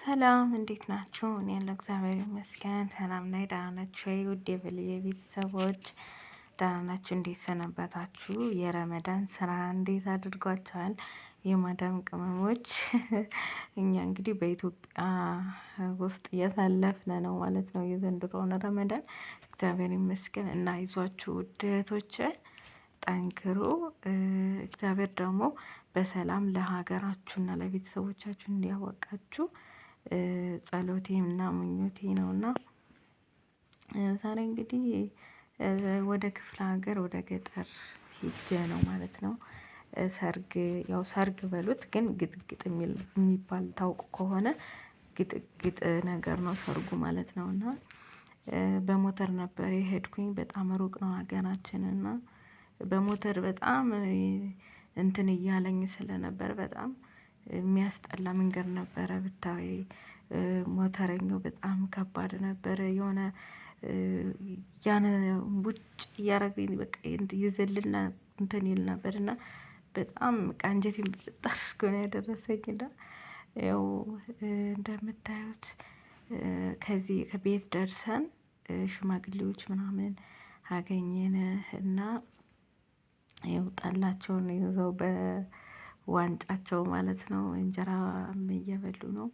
ሰላም እንዴት ናችሁ? እኔ ያለው እግዚአብሔር ይመስገን ሰላም ላይ ደህና ናችሁ ወይ? ውድ የበልዬ ቤተሰቦች ደህና ናችሁ? እንዴት ሰነበታችሁ? የረመዳን ስራ እንዴት አድርጓቸዋል? የማዳም ቅመሞች እኛ እንግዲህ በኢትዮጵያ ውስጥ እያሳለፍን ነው ማለት ነው የዘንድሮውን ረመዳን እግዚአብሔር ይመስገን እና ይዟችሁ ውድቶች ጠንክሩ። እግዚአብሔር ደግሞ በሰላም ለሀገራችሁና ለቤተሰቦቻችሁ እንዲያወቃችሁ ጸሎቴ እና ምኞቴ ነውና ዛሬ እንግዲህ ወደ ክፍለ ሀገር ወደ ገጠር ሂጄ ነው ማለት ነው። ሰርግ ያው ሰርግ በሉት ግን ግጥግጥ የሚባል ታውቁ ከሆነ ግጥግጥ ነገር ነው ሰርጉ ማለት ነው። እና በሞተር ነበር የሄድኩኝ በጣም ሩቅ ነው ሀገራችን እና በሞተር በጣም እንትን እያለኝ ስለነበር በጣም የሚያስጠላ መንገድ ነበረ። ብታዪ ሞተረኛው በጣም ከባድ ነበረ። የሆነ ያነ ቡጭ እያረገኝ በቃ ይዘልና እንትን ይል ነበር እና በጣም በቃ አንጀቴን ብጥጥ ያደረሰኝ። ና ያው እንደምታዩት ከዚህ ከቤት ደርሰን ሽማግሌዎች ምናምን አገኘን እና ያው ጠላቸውን ይዘው በ ዋንጫቸው ማለት ነው። እንጀራ እየበሉ ነው።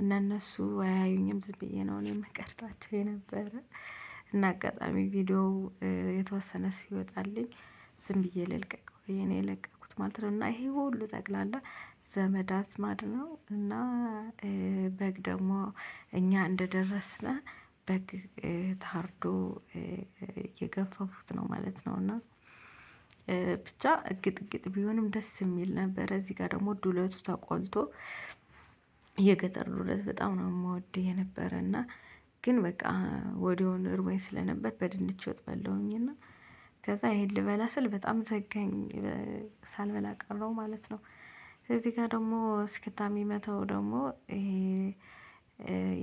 እና እነሱ አያዩኝም ዝም ብዬ ነው እኔ የምቀርጻቸው የነበረ እና አጋጣሚ ቪዲዮው የተወሰነ ሲወጣልኝ ዝም ብዬ ልልቀቀው ብዬ ነው የለቀኩት ማለት ነው። እና ይሄ ሁሉ ጠቅላላ ዘመድ አዝማድ ነው። እና በግ ደግሞ እኛ እንደደረስነ በግ ታርዶ እየገፈፉት ነው ማለት ነው። እና ብቻ እግጥግጥ ቢሆንም ደስ የሚል ነበረ። እዚህ ጋር ደግሞ ዱለቱ ተቆልቶ የገጠር ዱለት በጣም ነው የምወድ የነበረ እና ግን በቃ ወዲያውኑ እርቦኝ ስለነበር በድንች ወጥ በላሁኝና ከዛ ይሄን ልበላ ስል በጣም ዘጋኝ፣ ሳልበላ ቀረው ማለት ነው። እዚህ ጋር ደግሞ እስክታ የሚመታው ደግሞ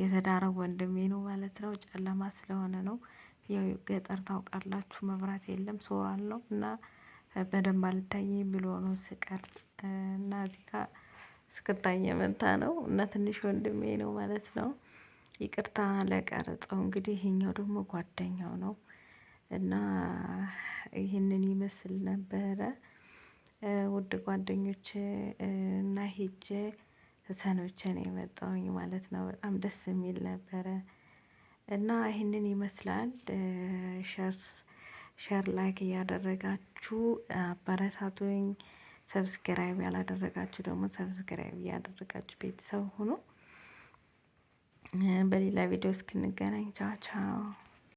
የተዳረው ወንድሜ ነው ማለት ነው። ጨለማ ስለሆነ ነው ያው ገጠር ታውቃላችሁ፣ መብራት የለም፣ ሶላር ነው እና በደንብ አልታየኝ ብሎ ነው ስቀርጽ እና እዚህ ጋ እስክታይ የመጣ ነው እና ትንሽ ወንድሜ ነው ማለት ነው። ይቅርታ ለቀረጸው እንግዲህ ይሄኛው ደግሞ ጓደኛው ነው። እና ይህንን ይመስል ነበረ። ውድ ጓደኞች እና ሄጄ ተሰንብቼ ነው የመጣውኝ ማለት ነው በጣም ደስ የሚል ነበረ። እና ይህንን ይመስላል ሸርስ ሸር ላይክ እያደረጋችሁ አበረታቱኝ። ሰብስክራይብ ያላደረጋችሁ ደግሞ ሰብስክራይብ እያደረጋችሁ ቤተሰብ ሁኑ። በሌላ ቪዲዮ እስክንገናኝ ቻው ቻው።